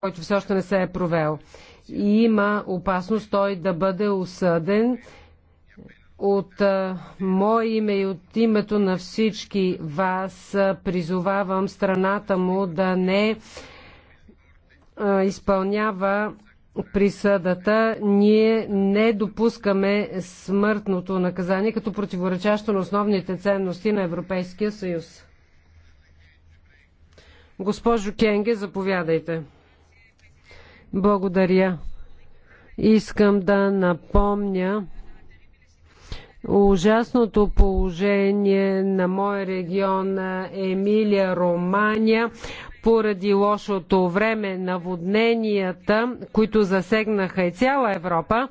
който все още не се е провел. И има опасност той да бъде осъден от а, мое име и от името на всички вас а, призовавам страната му да не а, изпълнява присъдата. Ние не допускаме смъртното наказание като противоречащо на основните ценности на Европейския съюз. Госпожо Кенге, заповядайте. Благодаря. Искам да напомня ужасното положение на моя регион Емилия, Романия, поради лошото време, на водненията, които засегнаха и цяла Европа.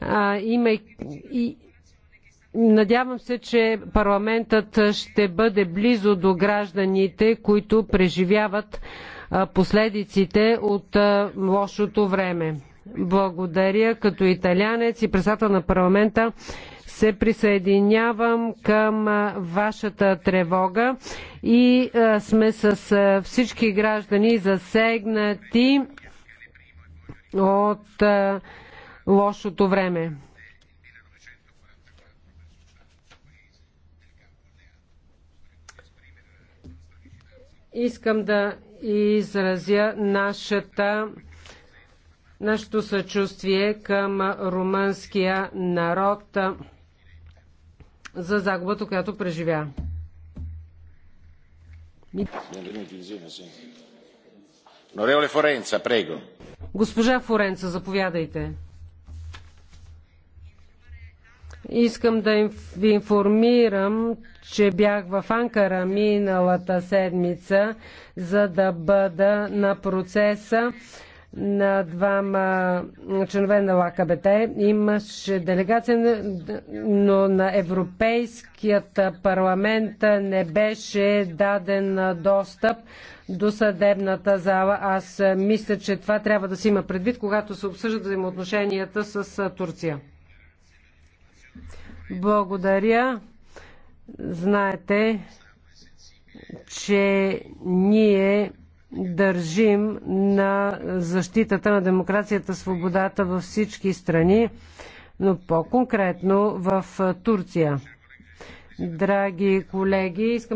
А, има и, Надявам се, че парламентът ще бъде близо до гражданите, които преживяват последиците от лошото време. Благодаря като италянец и председател на парламента се присъединявам към вашата тревога и сме с всички граждани засегнати от лошото време. Искам да изразя нашата, нашето съчувствие към румънския народ за загубата, която преживя. Госпожа Форенца, заповядайте. Искам да ви информирам, че бях в Анкара миналата седмица, за да бъда на процеса на двама членове на ЛАКБТ. Имаше делегация, но на Европейският парламент не беше даден достъп до съдебната зала. Аз мисля, че това трябва да се има предвид, когато се обсъждат взаимоотношенията с Турция. Благодаря. Знаете, че ние държим на защитата на демокрацията, свободата във всички страни, но по-конкретно в Турция. Драги колеги, искам